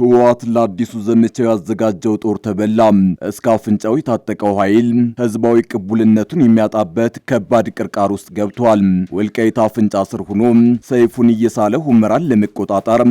ህወሓት ለአዲሱ ዘመቻው ያዘጋጀው ጦር ተበላ። እስከ አፍንጫው የታጠቀው ኃይል ህዝባዊ ቅቡልነቱን የሚያጣበት ከባድ ቅርቃር ውስጥ ገብቷል። ወልቃይት አፍንጫ ስር ሆኖ ሰይፉን እየሳለ ሁመራን ለመቆጣጠር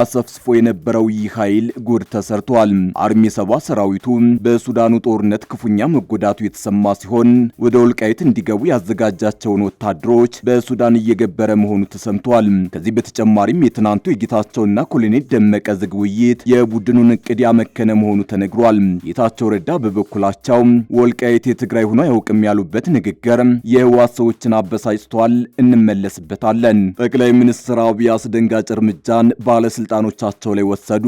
አሰፍስፎ የነበረው ይህ ኃይል ጉድ ተሰርቷል። አርሚ ሰባ ሰራዊቱ በሱዳኑ ጦርነት ክፉኛ መጎዳቱ የተሰማ ሲሆን ወደ ወልቃይት እንዲገቡ ያዘጋጃቸውን ወታደሮች በሱዳን እየገበረ መሆኑ ተሰምቷል። ከዚህ በተጨማሪም የትናንቱ የጌታቸውና ኮሎኔል ደመቀ ዝግ ውይይት ውይይት የቡድኑን እቅድ ያመከነ መሆኑ ተነግሯል። ጌታቸው ረዳ በበኩላቸው ወልቃይት የትግራይ ሆኖ አያውቅም ያሉበት ንግግር የህወሓት ሰዎችን አበሳጭቷል፣ እንመለስበታለን። ጠቅላይ ሚኒስትር አብይ አስደንጋጭ እርምጃን ባለስልጣኖቻቸው ላይ ወሰዱ።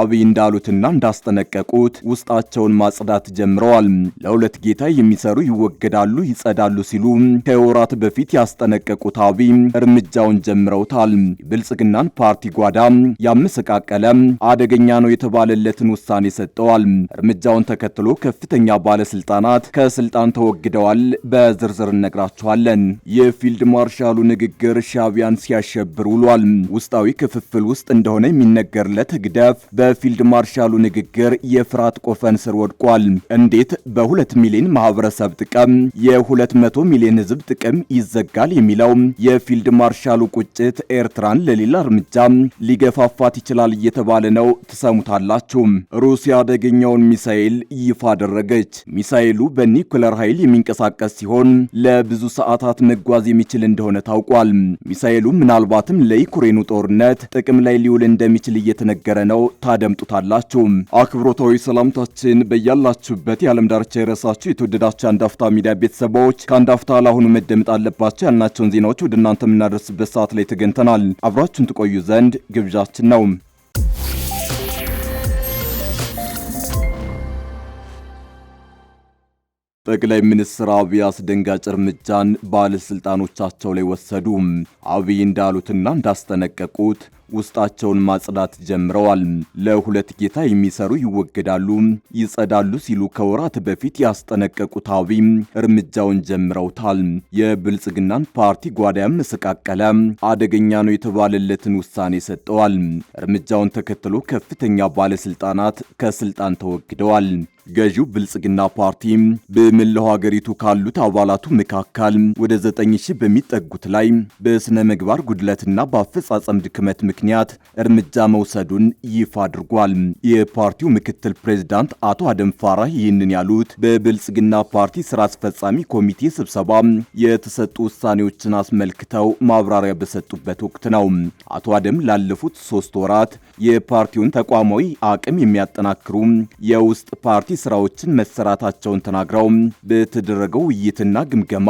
አብይ እንዳሉትና እንዳስጠነቀቁት ውስጣቸውን ማጽዳት ጀምረዋል። ለሁለት ጌታ የሚሰሩ ይወገዳሉ፣ ይጸዳሉ ሲሉ ከወራት በፊት ያስጠነቀቁት አብይ እርምጃውን ጀምረውታል። ብልጽግናን ፓርቲ ጓዳ ያመሰቃቀለ አደ አደገኛ ነው የተባለለትን ውሳኔ ሰጥተዋል። እርምጃውን ተከትሎ ከፍተኛ ባለስልጣናት ከስልጣን ተወግደዋል። በዝርዝር እነግራቸዋለን። የፊልድ ማርሻሉ ንግግር ሻቢያን ሲያሸብር ውሏል። ውስጣዊ ክፍፍል ውስጥ እንደሆነ የሚነገርለት ህግደፍ በፊልድ ማርሻሉ ንግግር የፍርሃት ቆፈን ስር ወድቋል። እንዴት በሁለት ሚሊዮን ማህበረሰብ ጥቅም የ200 ሚሊዮን ህዝብ ጥቅም ይዘጋል የሚለው የፊልድ ማርሻሉ ቁጭት ኤርትራን ለሌላ እርምጃ ሊገፋፋት ይችላል እየተባለ ነው። ትሰሙታላችሁ። ሩሲያ አደገኛውን ሚሳኤል ይፋ አደረገች። ሚሳኤሉ በኒኩለር ኃይል የሚንቀሳቀስ ሲሆን ለብዙ ሰዓታት መጓዝ የሚችል እንደሆነ ታውቋል። ሚሳኤሉ ምናልባትም ለዩክሬኑ ጦርነት ጥቅም ላይ ሊውል እንደሚችል እየተነገረ ነው። ታደምጡታላችሁ። አክብሮታዊ ሰላምታችን በያላችሁበት የዓለም ዳርቻ የረሳችሁ የተወደዳችሁ የአንዳፍታ ሚዲያ ቤተሰቦች ከአንዳፍታ ለአሁኑ መደመጥ አለባቸው ያልናቸውን ዜናዎች ወደ እናንተ የምናደርስበት ሰዓት ላይ ተገኝተናል። አብራችሁን ትቆዩ ዘንድ ግብዣችን ነው። ጠቅላይ ሚኒስትር አብይ አስደንጋጭ እርምጃን ባለስልጣኖቻቸው ላይ ወሰዱ። አብይ እንዳሉትና እንዳስጠነቀቁት ውስጣቸውን ማጽዳት ጀምረዋል። ለሁለት ጌታ የሚሰሩ ይወገዳሉ፣ ይጸዳሉ ሲሉ ከወራት በፊት ያስጠነቀቁት አብይ እርምጃውን ጀምረውታል። የብልጽግናን ፓርቲ ጓዳያም ያመሰቃቀለ አደገኛ ነው የተባለለትን ውሳኔ ሰጠዋል። እርምጃውን ተከትሎ ከፍተኛ ባለስልጣናት ከስልጣን ተወግደዋል። ገዢው ብልጽግና ፓርቲ በመላው ሀገሪቱ ካሉት አባላቱ መካከል ወደ 9000 በሚጠጉት ላይ በስነ ምግባር ጉድለትና በአፈጻጸም ድክመት ምክንያት እርምጃ መውሰዱን ይፋ አድርጓል። የፓርቲው ምክትል ፕሬዝዳንት አቶ አደም ፋራህ ይህንን ያሉት በብልጽግና ፓርቲ ስራ አስፈጻሚ ኮሚቴ ስብሰባ የተሰጡ ውሳኔዎችን አስመልክተው ማብራሪያ በሰጡበት ወቅት ነው። አቶ አደም ላለፉት ሶስት ወራት የፓርቲውን ተቋማዊ አቅም የሚያጠናክሩ የውስጥ ፓርቲ ስራዎችን መሰራታቸውን ተናግረው በተደረገው ውይይትና ግምገማ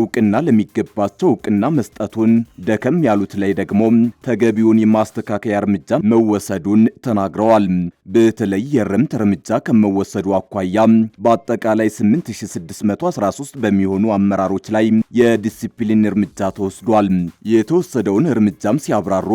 እውቅና ለሚገባቸው እውቅና መስጠቱን፣ ደከም ያሉት ላይ ደግሞ ተገቢውን የማስተካከያ እርምጃ መወሰዱን ተናግረዋል። በተለይ የእርምት እርምጃ ከመወሰዱ አኳያ በአጠቃላይ 8613 በሚሆኑ አመራሮች ላይ የዲሲፕሊን እርምጃ ተወስዷል። የተወሰደውን እርምጃም ሲያብራሩ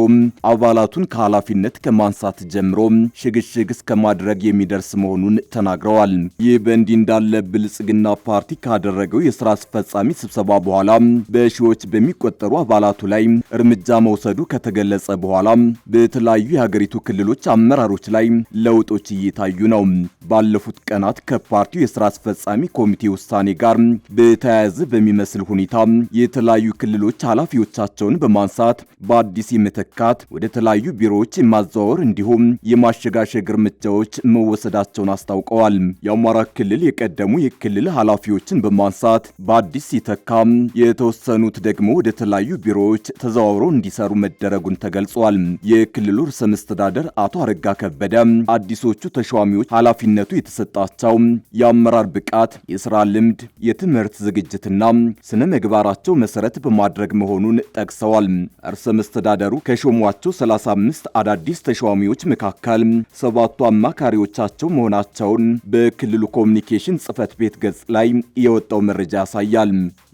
አባላቱን ከኃላፊነት ከማንሳት ጀምሮ ሽግሽግ እስከ ማድረግ የሚደርስ መሆኑን ተናግረዋል። ተናግረዋል። ይህ በእንዲህ እንዳለ ብልጽግና ፓርቲ ካደረገው የስራ አስፈጻሚ ስብሰባ በኋላ በሺዎች በሚቆጠሩ አባላቱ ላይ እርምጃ መውሰዱ ከተገለጸ በኋላ በተለያዩ የሀገሪቱ ክልሎች አመራሮች ላይ ለውጦች እየታዩ ነው። ባለፉት ቀናት ከፓርቲው የስራ አስፈጻሚ ኮሚቴ ውሳኔ ጋር በተያያዘ በሚመስል ሁኔታ የተለያዩ ክልሎች ኃላፊዎቻቸውን በማንሳት በአዲስ የመተካት ወደ ተለያዩ ቢሮዎች የማዘዋወር እንዲሁም የማሸጋሸግ እርምጃዎች መወሰዳቸውን አስታውቀዋል። ተናግረዋል። የአማራ ክልል የቀደሙ የክልል ኃላፊዎችን በማንሳት በአዲስ ሲተካም የተወሰኑት ደግሞ ወደ ተለያዩ ቢሮዎች ተዘዋውረው እንዲሰሩ መደረጉን ተገልጿል። የክልሉ ርዕሰ መስተዳደር አቶ አረጋ ከበደ አዲሶቹ ተሿሚዎች ኃላፊነቱ የተሰጣቸው የአመራር ብቃት፣ የስራ ልምድ፣ የትምህርት ዝግጅትና ስነ ምግባራቸው መሰረት በማድረግ መሆኑን ጠቅሰዋል። ርዕሰ መስተዳደሩ ከሾሟቸው 35 አዳዲስ ተሿሚዎች መካከል ሰባቱ አማካሪዎቻቸው መሆናቸውን በክልሉ ኮሚኒኬሽን ጽህፈት ቤት ገጽ ላይ የወጣው መረጃ ያሳያል።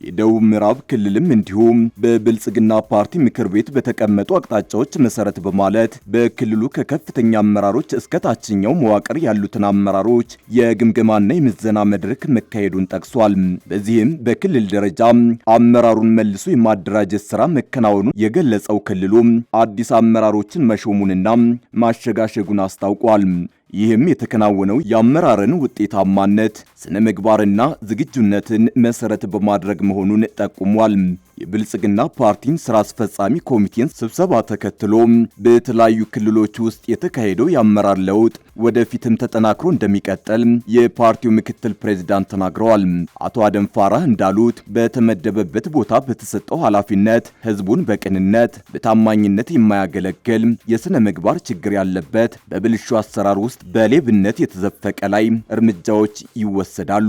የደቡብ ምዕራብ ክልልም እንዲሁም በብልጽግና ፓርቲ ምክር ቤት በተቀመጡ አቅጣጫዎች መሰረት በማለት በክልሉ ከከፍተኛ አመራሮች እስከ ታችኛው መዋቅር ያሉትን አመራሮች የግምገማና የምዘና መድረክ መካሄዱን ጠቅሷል። በዚህም በክልል ደረጃ አመራሩን መልሶ የማደራጀት ስራ መከናወኑን የገለጸው ክልሉ አዲስ አመራሮችን መሾሙንና ማሸጋሸጉን አስታውቋል። ይህም የተከናወነው የአመራርን ውጤታማነት ስነ ምግባርና ዝግጁነትን መሰረት በማድረግ መሆኑን ጠቁሟል። የብልጽግና ፓርቲን ስራ አስፈጻሚ ኮሚቴን ስብሰባ ተከትሎ በተለያዩ ክልሎች ውስጥ የተካሄደው የአመራር ለውጥ ወደፊትም ተጠናክሮ እንደሚቀጥል የፓርቲው ምክትል ፕሬዚዳንት ተናግረዋል። አቶ አደም ፋራህ እንዳሉት በተመደበበት ቦታ በተሰጠው ኃላፊነት ህዝቡን በቅንነት በታማኝነት የማያገለግል የሥነ ምግባር ችግር ያለበት በብልሹ አሰራር ውስጥ በሌብነት የተዘፈቀ ላይ እርምጃዎች ይወሰዳሉ።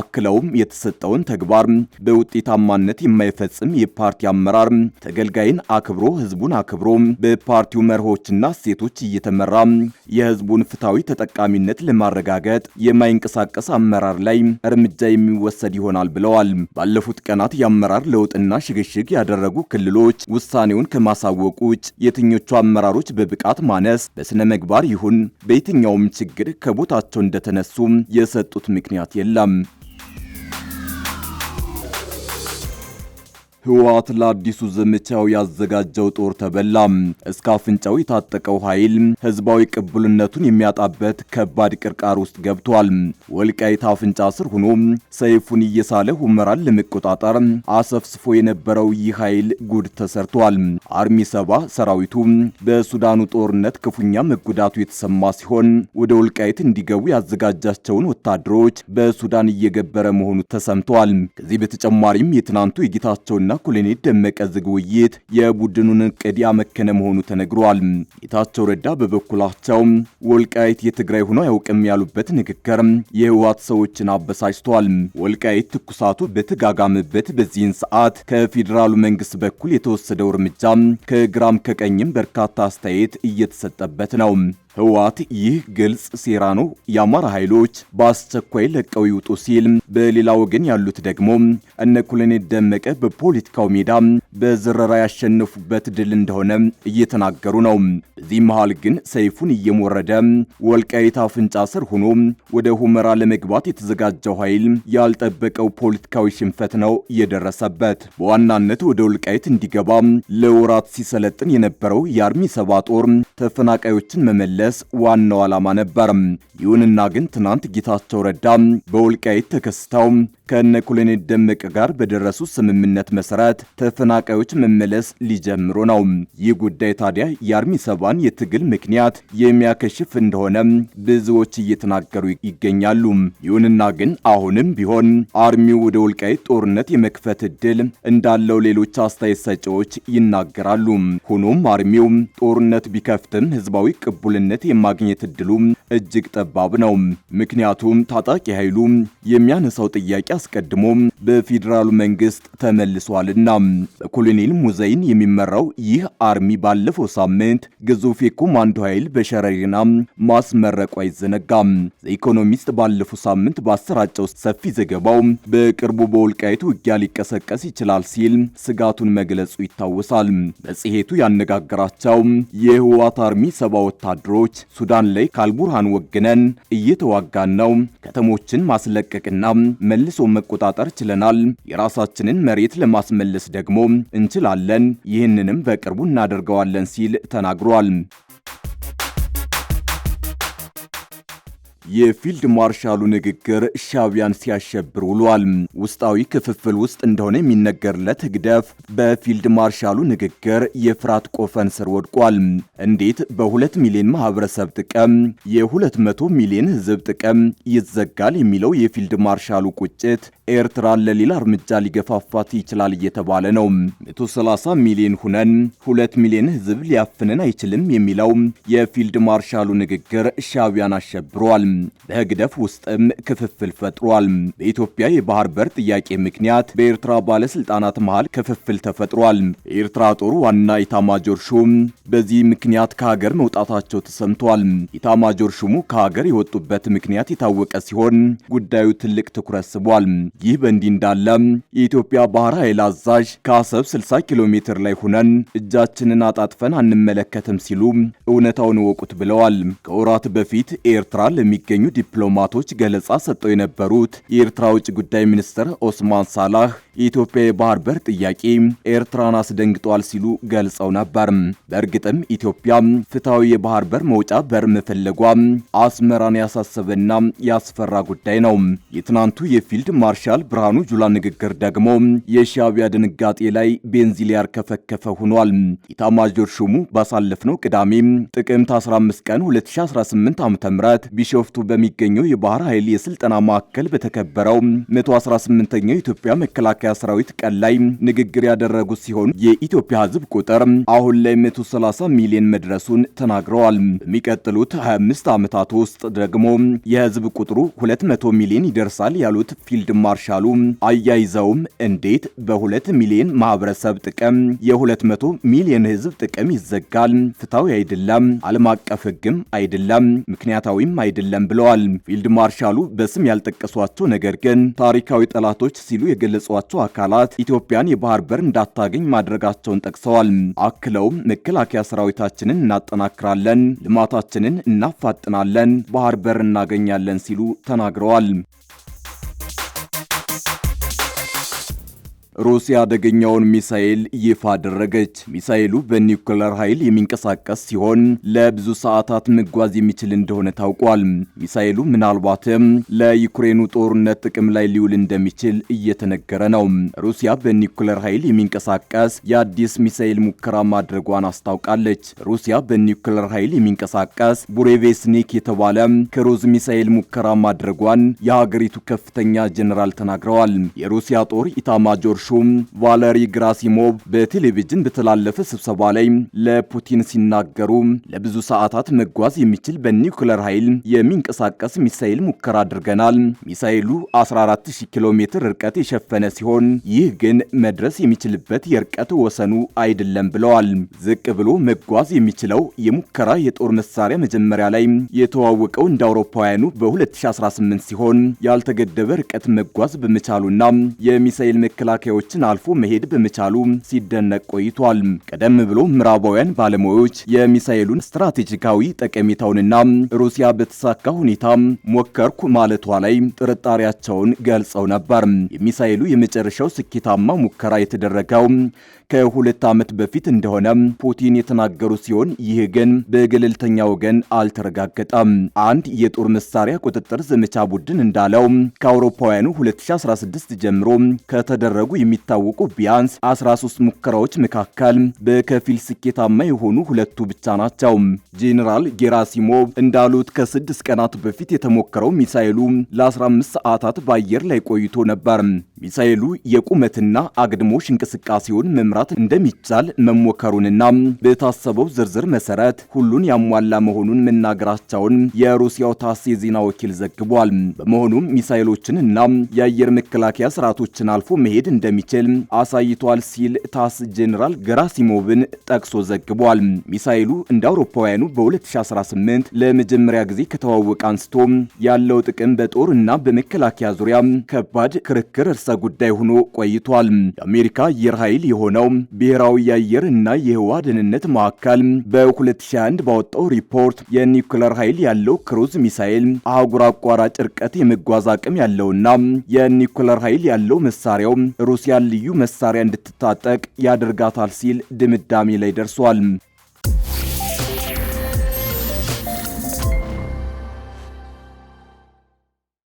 አክለውም የተሰጠውን ተግባር በውጤታማነት የማይፈጽም የሚፈጽም የፓርቲ አመራር ተገልጋይን አክብሮ ህዝቡን አክብሮ በፓርቲው መርሆችና እሴቶች እየተመራ የህዝቡን ፍትሐዊ ተጠቃሚነት ለማረጋገጥ የማይንቀሳቀስ አመራር ላይ እርምጃ የሚወሰድ ይሆናል ብለዋል። ባለፉት ቀናት የአመራር ለውጥና ሽግሽግ ያደረጉ ክልሎች ውሳኔውን ከማሳወቁ ውጭ የትኞቹ አመራሮች በብቃት ማነስ፣ በስነ ምግባር ይሁን በየትኛውም ችግር ከቦታቸው እንደተነሱ የሰጡት ምክንያት የለም። ህወሓት ለአዲሱ ዘመቻው ያዘጋጀው ጦር ተበላ። እስከ አፍንጫው የታጠቀው ኃይል ህዝባዊ ቅቡልነቱን የሚያጣበት ከባድ ቅርቃር ውስጥ ገብቷል። ወልቃይት አፍንጫ ስር ሆኖ ሰይፉን እየሳለ ሁመራን ለመቆጣጠር አሰፍስፎ የነበረው ይህ ኃይል ጉድ ተሰርቷል። አርሚ ሰባ ሰራዊቱ በሱዳኑ ጦርነት ክፉኛ መጎዳቱ የተሰማ ሲሆን ወደ ወልቃይት እንዲገቡ ያዘጋጃቸውን ወታደሮች በሱዳን እየገበረ መሆኑ ተሰምቷል። ከዚህ በተጨማሪም የትናንቱ የጌታቸውና ኮሎኔል ደመቀ ዝግ ውይይት የቡድኑን እቅድ ያመከነ መሆኑ ተነግሯል። ጌታቸው ረዳ በበኩላቸው ወልቃይት የትግራይ ሆኖ አያውቅም ያሉበት ንግግር የህወሓት ሰዎችን አበሳጭቷል። ወልቃይት ትኩሳቱ በተጋጋመበት በዚህን ሰዓት ከፌዴራሉ መንግስት በኩል የተወሰደው እርምጃ ከግራም ከቀኝም በርካታ አስተያየት እየተሰጠበት ነው። ህወሓት ይህ ግልጽ ሴራ ነው፣ የአማራ ኃይሎች በአስቸኳይ ለቀው ይውጡ ሲል፣ በሌላ ወገን ያሉት ደግሞ እነ ኮሎኔል ደመቀ በፖለቲካው ሜዳ በዝረራ ያሸነፉበት ድል እንደሆነ እየተናገሩ ነው። በዚህ መሃል ግን ሰይፉን እየሞረደ ወልቃይት አፍንጫ ስር ሆኖ ወደ ሁመራ ለመግባት የተዘጋጀው ኃይል ያልጠበቀው ፖለቲካዊ ሽንፈት ነው የደረሰበት። በዋናነት ወደ ወልቃይት እንዲገባ ለወራት ሲሰለጥን የነበረው የአርሚ ሰባ ጦር ተፈናቃዮችን መመለስ መመለስ ዋናው ዓላማ ነበር። ይሁንና ግን ትናንት ጌታቸው ረዳ በወልቃይት ተከስተው ከእነ ኮሎኔል ደመቀ ጋር በደረሱ ስምምነት መሰረት ተፈናቃዮች መመለስ ሊጀምሩ ነው። ይህ ጉዳይ ታዲያ የአርሚ ሰባን የትግል ምክንያት የሚያከሽፍ እንደሆነ ብዙዎች እየተናገሩ ይገኛሉ። ይሁንና ግን አሁንም ቢሆን አርሚው ወደ ወልቃይት ጦርነት የመክፈት እድል እንዳለው ሌሎች አስተያየት ሰጪዎች ይናገራሉ። ሆኖም አርሚው ጦርነት ቢከፍትም ህዝባዊ ቅቡልነት የማግኘት እድሉ እጅግ ጠባብ ነው። ምክንያቱም ታጣቂ ኃይሉ የሚያነሳው ጥያቄ አስቀድሞም በፌዴራሉ መንግስት ተመልሷልና በኮሎኔል ሙዘይን የሚመራው ይህ አርሚ ባለፈው ሳምንት ግዙፍ የኮማንዶ ኃይል በሸረሪና ማስመረቁ አይዘነጋም። ኢኮኖሚስት ባለፈው ሳምንት በአሰራጨው ሰፊ ዘገባው በቅርቡ በወልቃይቱ ውጊያ ሊቀሰቀስ ይችላል ሲል ስጋቱን መግለጹ ይታወሳል። መጽሔቱ ያነጋገራቸው የህወሓት አርሚ ሰባ ወታደሮች ሱዳን ላይ ካልቡርሃን ወግነን እየተዋጋን ነው ከተሞችን ማስለቀቅና መልሶ ራሳቸውን መቆጣጠር ችለናል። የራሳችንን መሬት ለማስመለስ ደግሞ እንችላለን። ይህንንም በቅርቡ እናደርገዋለን ሲል ተናግሯል። የፊልድ ማርሻሉ ንግግር ሻቢያን ሲያሸብር ውሏል። ውስጣዊ ክፍፍል ውስጥ እንደሆነ የሚነገርለት ህግደፍ በፊልድ ማርሻሉ ንግግር የፍራት ቆፈን ስር ወድቋል። እንዴት በሁለት ሚሊዮን ማህበረሰብ ጥቅም የ200 ሚሊዮን ህዝብ ጥቅም ይዘጋል የሚለው የፊልድ ማርሻሉ ቁጭት ኤርትራን ለሌላ እርምጃ ሊገፋፋት ይችላል እየተባለ ነው። 130 ሚሊዮን ሁነን ሁለት ሚሊዮን ህዝብ ሊያፍንን አይችልም የሚለው የፊልድ ማርሻሉ ንግግር ሻቢያን አሸብሯል። በህግደፍ ውስጥም ክፍፍል ፈጥሯል። በኢትዮጵያ የባህር በር ጥያቄ ምክንያት በኤርትራ ባለስልጣናት መሃል ክፍፍል ተፈጥሯል። የኤርትራ ጦር ዋና ኢታማጆር ሹም በዚህ ምክንያት ከሀገር መውጣታቸው ተሰምቷል። ኢታማጆር ሹሙ ከሀገር የወጡበት ምክንያት የታወቀ ሲሆን ጉዳዩ ትልቅ ትኩረት ስቧል። ይህ በእንዲህ እንዳለ የኢትዮጵያ ባህር ኃይል አዛዥ ከአሰብ 60 ኪሎ ሜትር ላይ ሁነን እጃችንን አጣጥፈን አንመለከትም ሲሉ እውነታውን ወቁት ብለዋል። ከወራት በፊት ኤርትራ ለሚ የሚገኙ ዲፕሎማቶች ገለጻ ሰጠው የነበሩት የኤርትራ ውጭ ጉዳይ ሚኒስትር ኦስማን ሳላህ የኢትዮጵያ የባህር በር ጥያቄ ኤርትራን አስደንግጧል ሲሉ ገልጸው ነበር። በእርግጥም ኢትዮጵያ ፍትሐዊ የባህር በር መውጫ በር መፈለጓ አስመራን ያሳሰበና ያስፈራ ጉዳይ ነው። የትናንቱ የፊልድ ማርሻል ብርሃኑ ጁላ ንግግር ደግሞ የሻቢያ ድንጋጤ ላይ ቤንዚል ያርከፈከፈ ሆኗል። ኢታማዦር ሹሙ ባሳለፍነው ቅዳሜ ጥቅምት 15 ቀን 2018 ዓ.ም ቢሾፍቱ በወቅቱ በሚገኘው የባህር ኃይል የስልጠና ማዕከል በተከበረው 118ኛው የኢትዮጵያ መከላከያ ሰራዊት ቀን ላይ ንግግር ያደረጉት ሲሆን የኢትዮጵያ ሕዝብ ቁጥር አሁን ላይ 130 ሚሊዮን መድረሱን ተናግረዋል። በሚቀጥሉት 25 ዓመታት ውስጥ ደግሞ የሕዝብ ቁጥሩ 200 ሚሊዮን ይደርሳል ያሉት ፊልድ ማርሻሉ አያይዘውም እንዴት በ2 ሚሊዮን ማህበረሰብ ጥቅም የ200 ሚሊዮን ሕዝብ ጥቅም ይዘጋል? ፍትሐዊ አይደለም፣ ዓለም አቀፍ ሕግም አይደለም፣ ምክንያታዊም አይደለም አይደለም ብለዋል። ፊልድ ማርሻሉ በስም ያልጠቀሷቸው ነገር ግን ታሪካዊ ጠላቶች ሲሉ የገለጿቸው አካላት ኢትዮጵያን የባህር በር እንዳታገኝ ማድረጋቸውን ጠቅሰዋል። አክለውም መከላከያ ሰራዊታችንን እናጠናክራለን፣ ልማታችንን እናፋጥናለን፣ ባህር በር እናገኛለን ሲሉ ተናግረዋል። ሩሲያ አደገኛውን ሚሳኤል ይፋ አደረገች። ሚሳኤሉ በኒውክለር ኃይል የሚንቀሳቀስ ሲሆን ለብዙ ሰዓታት መጓዝ የሚችል እንደሆነ ታውቋል። ሚሳኤሉ ምናልባትም ለዩክሬኑ ጦርነት ጥቅም ላይ ሊውል እንደሚችል እየተነገረ ነው። ሩሲያ በኒውክለር ኃይል የሚንቀሳቀስ የአዲስ ሚሳኤል ሙከራ ማድረጓን አስታውቃለች። ሩሲያ በኒውክለር ኃይል የሚንቀሳቀስ ቡሬቬስኒክ የተባለ ክሩዝ ሚሳኤል ሙከራ ማድረጓን የሀገሪቱ ከፍተኛ ጀኔራል ተናግረዋል። የሩሲያ ጦር ኢታማጆር ሹም ቫለሪ ግራሲሞቭ በቴሌቪዥን በተላለፈ ስብሰባ ላይ ለፑቲን ሲናገሩ ለብዙ ሰዓታት መጓዝ የሚችል በኒውክለር ኃይል የሚንቀሳቀስ ሚሳኤል ሙከራ አድርገናል። ሚሳኤሉ 14000 ኪሎ ሜትር ርቀት የሸፈነ ሲሆን ይህ ግን መድረስ የሚችልበት የርቀት ወሰኑ አይደለም ብለዋል። ዝቅ ብሎ መጓዝ የሚችለው የሙከራ የጦር መሳሪያ መጀመሪያ ላይ የተዋወቀው እንደ አውሮፓውያኑ በ2018 ሲሆን ያልተገደበ ርቀት መጓዝ በመቻሉና የሚሳኤል መከላከያ ጉዳዮችን አልፎ መሄድ በመቻሉ ሲደነቅ ቆይቷል። ቀደም ብሎ ምዕራባውያን ባለሙያዎች የሚሳኤሉን ስትራቴጂካዊ ጠቀሜታውንና ሩሲያ በተሳካ ሁኔታ ሞከርኩ ማለቷ ላይ ጥርጣሬያቸውን ገልጸው ነበር። የሚሳኤሉ የመጨረሻው ስኬታማ ሙከራ የተደረገው ከሁለት ዓመት በፊት እንደሆነ ፑቲን የተናገሩ ሲሆን ይህ ግን በገለልተኛ ወገን አልተረጋገጠም። አንድ የጦር መሳሪያ ቁጥጥር ዘመቻ ቡድን እንዳለው ከአውሮፓውያኑ 2016 ጀምሮ ከተደረጉ የሚታወቁ ቢያንስ 13 ሙከራዎች መካከል በከፊል ስኬታማ የሆኑ ሁለቱ ብቻ ናቸው። ጄኔራል ጌራሲሞቭ እንዳሉት ከስድስት ቀናት በፊት የተሞከረው ሚሳይሉ ለ15 ሰዓታት በአየር ላይ ቆይቶ ነበር። ሚሳይሉ የቁመትና አግድሞሽ እንቅስቃሴውን መምራት ለማሟላት እንደሚቻል መሞከሩንና በታሰበው ዝርዝር መሰረት ሁሉን ያሟላ መሆኑን መናገራቸውን የሩሲያው ታስ የዜና ወኪል ዘግቧል። በመሆኑም ሚሳይሎችን እና የአየር መከላከያ ስርዓቶችን አልፎ መሄድ እንደሚችል አሳይቷል ሲል ታስ ጄኔራል ገራሲሞቭን ጠቅሶ ዘግቧል። ሚሳይሉ እንደ አውሮፓውያኑ በ2018 ለመጀመሪያ ጊዜ ከተዋወቀ አንስቶ ያለው ጥቅም በጦር እና በመከላከያ ዙሪያ ከባድ ክርክር እርሰ ጉዳይ ሆኖ ቆይቷል። የአሜሪካ አየር ኃይል የሆነው የሆነው ብሔራዊ የአየር እና የህዋ ደህንነት ማዕከል በ 201 ባወጣው ሪፖርት የኒውክለር ኃይል ያለው ክሩዝ ሚሳኤል አህጉር አቋራጭ ርቀት የመጓዝ አቅም ያለውና የኒውክለር ኃይል ያለው መሳሪያው ሩሲያን ልዩ መሳሪያ እንድትታጠቅ ያደርጋታል ሲል ድምዳሜ ላይ ደርሷል።